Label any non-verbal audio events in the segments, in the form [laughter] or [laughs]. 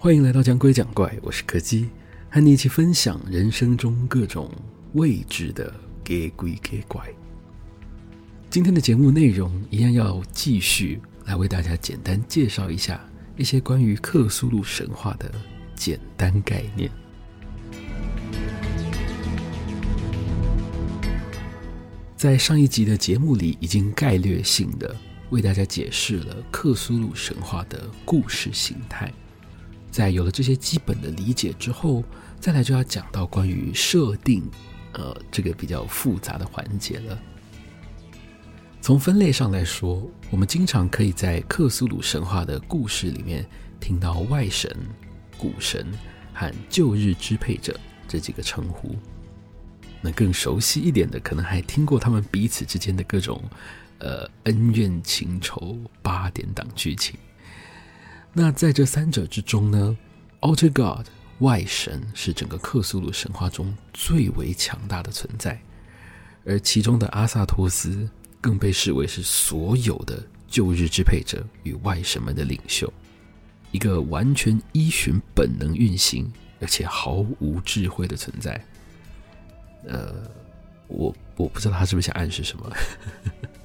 歡迎來到《講鬼講怪》，我是柯基，和你一起分享人生中各種未知的給鬼給怪。今天的節目內容一樣要繼續來為大家簡單介紹一下一些關於克蘇魯神話的簡單概念。在上一集的節目裡，已經概略性的為大家解釋了克蘇魯神話的故事形態。在有了這些基本的理解之後，再來就要講到關於設定，呃，這個比較複雜的環節了。從分類上來說，我們經常可以在克蘇魯神話的故事裡面聽到外神、古神和舊日支配者這幾個稱呼。那更熟悉一點的，可能還聽過他們彼此之間的各種，呃，恩怨情仇、八點檔劇情。那在這三者之中呢，Outer God 外神是整個克蘇魯神話中最為強大的存在，而其中的阿薩托斯更被視為是所有的舊日支配者與外神們的領袖，一個完全依循本能運行而且毫無智慧的存在。呃，我我不知道他是不是想暗示什麼。 [laughs]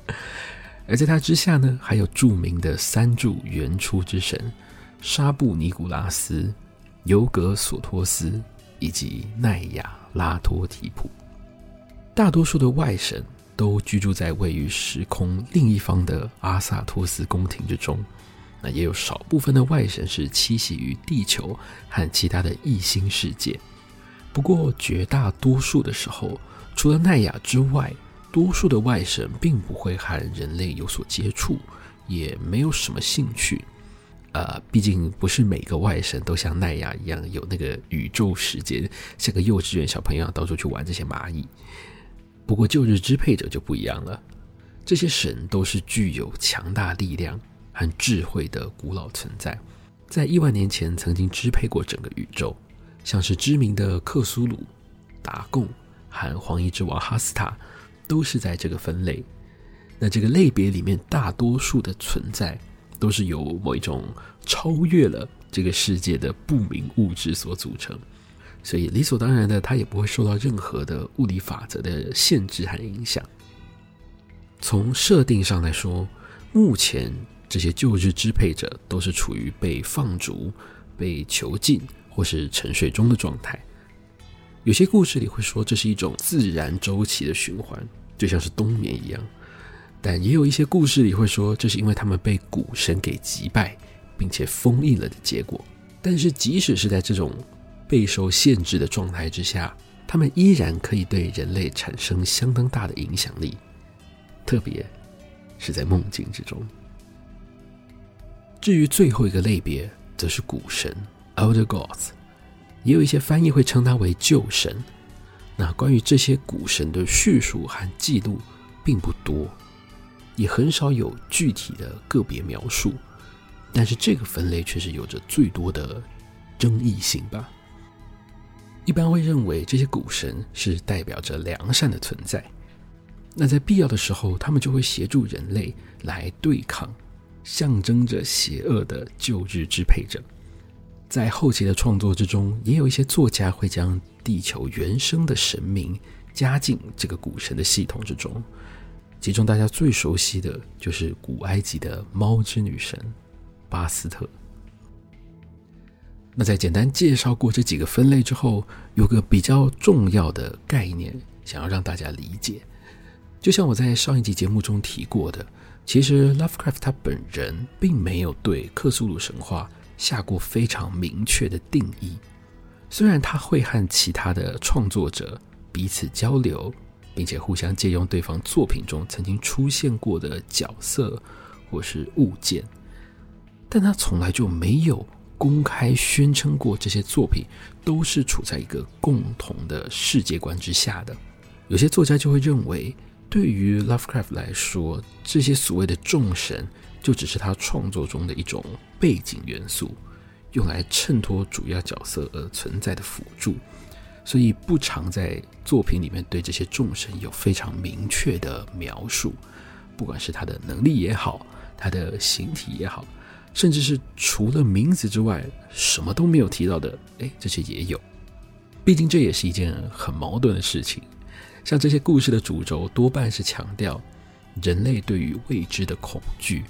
而在他之下呢，還有著名的三柱原初之神，沙布尼古拉斯、尤格索托斯以及奈亞拉托提普。大多數的外神都居住在位於時空另一方的阿薩托斯宮廷之中，那也有少部分的外神是棲息於地球和其他的異星世界。不過絕大多數的時候，除了奈雅之外。多數的外神並不會和人類有所接觸，也沒有什麼興趣。呃，畢竟不是每個外神都像奈亞一樣有那個宇宙時間，像個幼稚園小朋友到處去玩這些螞蟻。不過舊日支配者就不一樣了，這些神都是具有強大力量和智慧的古老存在，在億萬年前曾經支配過整個宇宙，像是知名的克蘇魯、達貢和黃衣之王哈斯塔。都是在這個分類，那這個類別裡面大多數的存在，都是由某一種超越了這個世界的不明物質所組成，所以理所當然的，它也不會受到任何的物理法則的限制和影響。從設定上來說，目前這些舊日支配者都是處於被放逐、被囚禁或是沉睡中的狀態。有些故事裡會說這是一種自然周期的循環，就像是冬眠一樣；但也有一些故事裡會說這是因為他們被古神給擊敗，並且封印了的結果。但是即使是在這種備受限制的狀態之下，他們依然可以對人類產生相當大的影響力，特別是在夢境之中。至於最後一個類別，則是古神 （Outer Gods）。Outer Gods. 也有一些翻譯會稱他為舊神。那關於這些古神的敘述和記錄並不多，也很少有具體的個別描述。但是這個分類卻是有着最多的爭議性吧。一般會認為這些古神是代表着良善的存在，那在必要的時候，他們就會協助人類來對抗象徵着邪惡的舊日支配者。在後期的創作之中，也有一些作家會將地球原生的神明加進這個古神的系統之中，其中大家最熟悉的就是古埃及的貓之女神巴斯特。那在簡單介紹過這幾個分類之後，有個比較重要的概念想要讓大家理解，就像我在上一集節目中提過的，其實 Lovecraft 他本人並沒有對克蘇魯神話下過非常明確的定義，雖然他會和其他的創作者彼此交流，並且互相借用對方作品中曾經出現過的角色或是物件，但他從來就沒有公開宣稱過這些作品都是處在一個共同的世界觀之下的。有些作家就會認為，對於 Lovecraft 來說，這些所謂的眾神。就只是他創作中的一種背景元素，用來襯托主要角色而存在的輔助，所以不常在作品裡面對這些眾神有非常明確的描述，不管是他的能力也好，他的形體也好，甚至是除了名字之外什麼都沒有提到的，誒、哎，這些也有，畢竟這也是一件很矛盾的事情。像這些故事的主軸多半是強調人類對於未知的恐懼。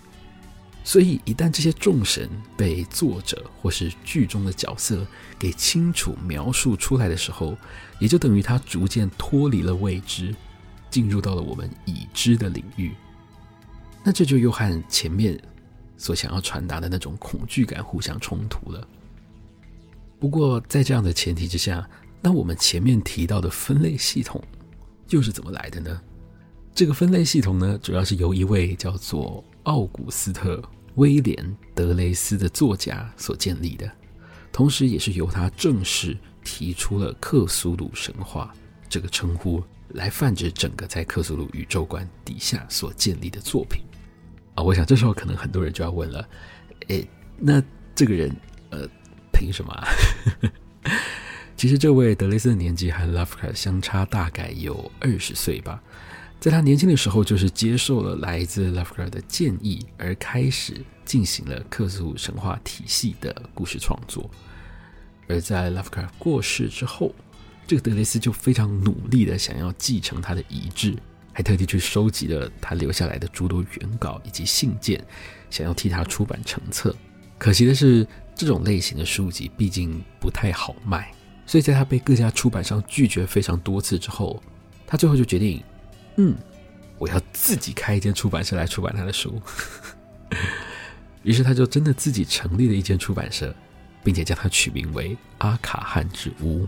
所以，一旦這些眾神被作者或是劇中的角色給清楚描述出來的時候，也就等於他逐漸脫離了未知，進入到了我們已知的領域。那這就又和前面所想要傳達的那種恐懼感互相衝突了。不過，在這樣的前提之下，那我們前面提到的分類系統又是怎麼來的呢？這個分類系統呢，主要是由一位叫做……奧古斯特·威廉·德雷斯的作家所建立的，同時也是由他正式提出了「克蘇魯神話」這個稱呼來泛指整個在克蘇魯宇宙觀底下所建立的作品。啊、哦，我想這時候可能很多人就要問了：誒，那這個人，呃，憑什麼啊？ [laughs] 其實這位德雷斯的年紀和拉夫卡相差大概有二十歲吧。在他年輕的時候，就是接受了來自 Lovecraft 的建議而開始進行了克蘇魯神話體系的故事創作。而在 Lovecraft 過世之後，這個德雷斯就非常努力的想要繼承他的遺志，還特地去收集了他留下來的諸多原稿以及信件，想要替他出版成冊。可惜的是，這種類型的書籍畢竟不太好賣，所以在他被各家出版商拒絕非常多次之後，他最後就決定。嗯，我要自己開一間出版社來出版他的書。 [laughs] 於是他就真的自己成立了一間出版社，並且將它取名為阿卡漢之屋。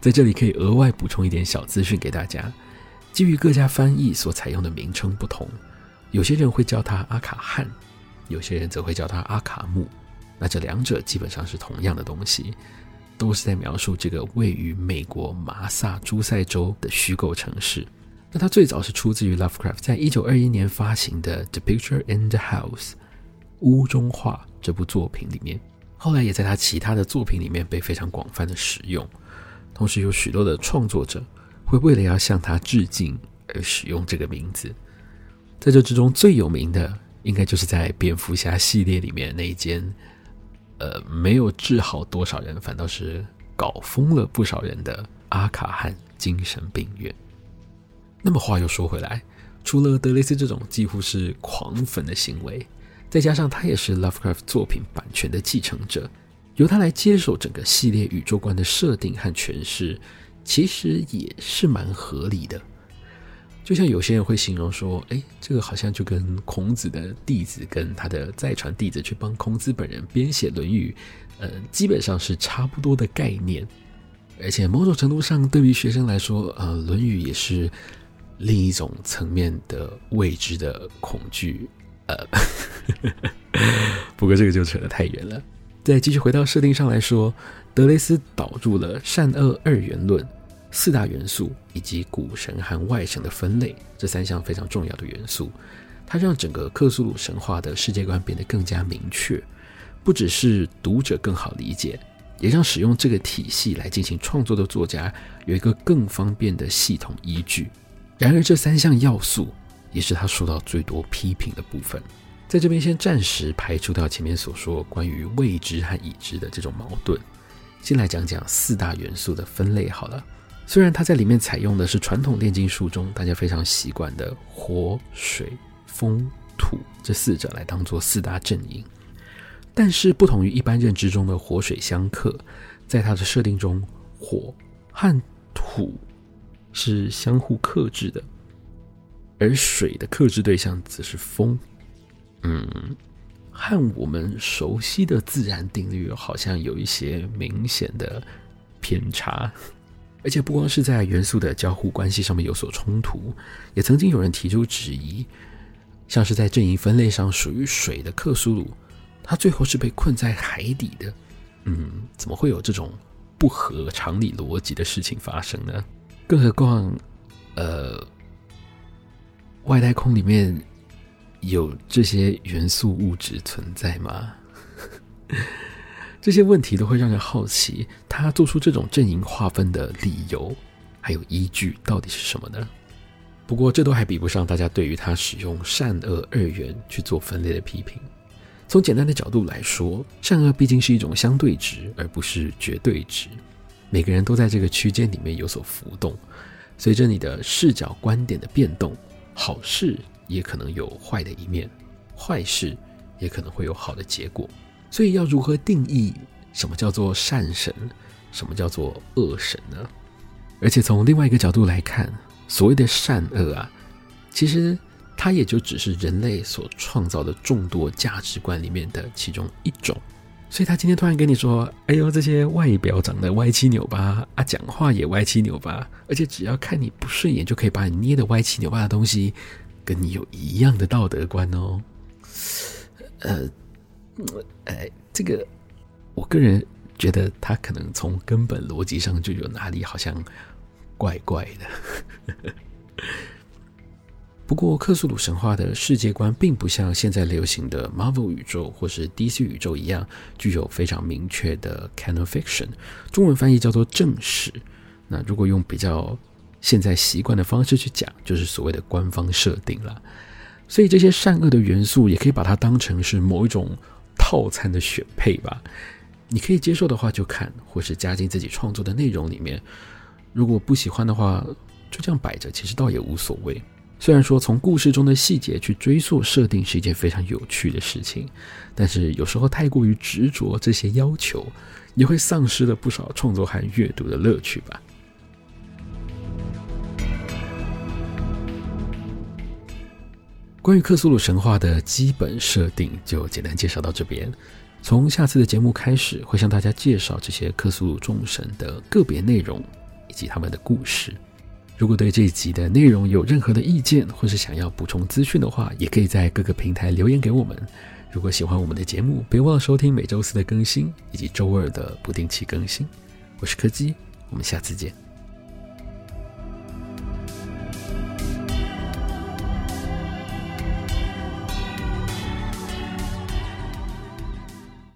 在這裡可以額外補充一點小資訊給大家：基於各家翻譯所採用的名稱不同，有些人會叫他阿卡漢，有些人則會叫他阿卡木。那這兩者基本上是同樣的東西，都是在描述這個位於美國麻薩諸塞州的虛構城市。那它最早是出自於 Lovecraft，在一九二一年發行的《The Picture in the House》屋中畫這部作品裡面，後來也在他其他的作品裡面被非常廣泛的使用。同時，有許多的創作者會為了要向他致敬而使用這個名字。在這之中，最有名的應該就是在蝙蝠俠系列裡面那一間，呃，沒有治好多少人，反倒是搞瘋了不少人的阿卡漢精神病院。那麼話又說回來，除了德雷斯這種幾乎是狂粉的行為，再加上他也是 Lovecraft 作品版權的繼承者，由他來接手整個系列宇宙觀的設定和詮釋，其實也是蠻合理的。就像有些人會形容說：“哎，這個好像就跟孔子的弟子跟他的再傳弟子去幫孔子本人編寫《論語》，呃，基本上是差不多的概念。”而且某種程度上，對於學生來說，呃，《論語》也是。另一種層面的未知的恐懼，呃，不過這個就扯得太遠了。再繼續回到設定上來說，德雷斯導入了善惡二元論、四大元素以及古神和外神的分類這三項非常重要的元素，它讓整個克蘇魯神話的世界觀變得更加明確，不只是讀者更好理解，也讓使用這個體系來進行創作的作家有一個更方便的系統依據。然而，這三項要素也是他受到最多批評的部分。在這邊，先暫時排除掉前面所說關於未知和已知的這種矛盾，先來講講四大元素的分類好了。雖然他在裡面採用的是傳統煉金術中大家非常習慣的火、水、風、土這四者來當做四大陣營，但是不同於一般認知中的火水相克，在他的設定中，火和土。是相互克制的，而水的克制對象則是風，嗯，和我們熟悉的自然定律好像有一些明顯的偏差，而且不光是在元素的交互關係上面有所衝突，也曾經有人提出質疑，像是在陣營分類上屬於水的克蘇魯，他最後是被困在海底的，嗯，怎麼會有這種不合常理邏輯的事情發生呢？更何況，呃，外太空裡面有這些元素物質存在嗎？ [laughs] 這些問題都會讓人好奇，他做出這種陣營劃分的理由還有依據到底是什麼呢？不過這都還比不上大家對於他使用善惡二元去做分類的批評。從簡單的角度來說，善惡畢竟是一種相對值，而不是絕對值。每個人都在這個區間裡面有所浮動，隨着你的視角觀點的變動，好事也可能有壞的一面，壞事也可能會有好的結果。所以要如何定義什麼叫做善神，什麼叫做惡神呢？而且從另外一個角度來看，所謂的善惡啊，其實它也就只是人類所創造的眾多價值觀裡面的其中一種。所以他今天突然跟你說：“哎呦，這些外表長得歪七扭八，啊，講話也歪七扭八，而且只要看你不順眼就可以把你捏得歪七扭八的東西，跟你有一樣的道德觀哦。”呃，呃，哎，這個，我個人覺得他可能從根本邏輯上就有哪裡好像怪怪的。 [laughs] 不過，克蘇魯神話的世界觀並不像現在流行的 Marvel 宇宙或是 DC 宇宙一樣，具有非常明確的 canon fiction（ 中文翻譯叫做正史）。那如果用比較現在習慣的方式去講，就是所謂的官方設定了。所以這些善惡的元素，也可以把它當成是某一種套餐的選配吧。你可以接受的話就看，或是加進自己創作的內容裡面；如果不喜歡的話，就這樣擺着，其實倒也無所謂。雖然說從故事中的細節去追溯設定是一件非常有趣的事情，但是有時候太過於執着這些要求，也會喪失了不少創作和閱讀的樂趣吧。關於克蘇魯神話的基本設定就簡單介紹到這邊，從下次的節目開始，會向大家介紹這些克蘇魯眾神的個別內容，以及他們的故事。如果對這一集的內容有任何的意見，或是想要補充資訊的話，也可以在各個平台留言給我們。如果喜歡我們的節目，別忘了收聽每週四的更新，以及週二的不定期更新。我是柯基，我們下次見。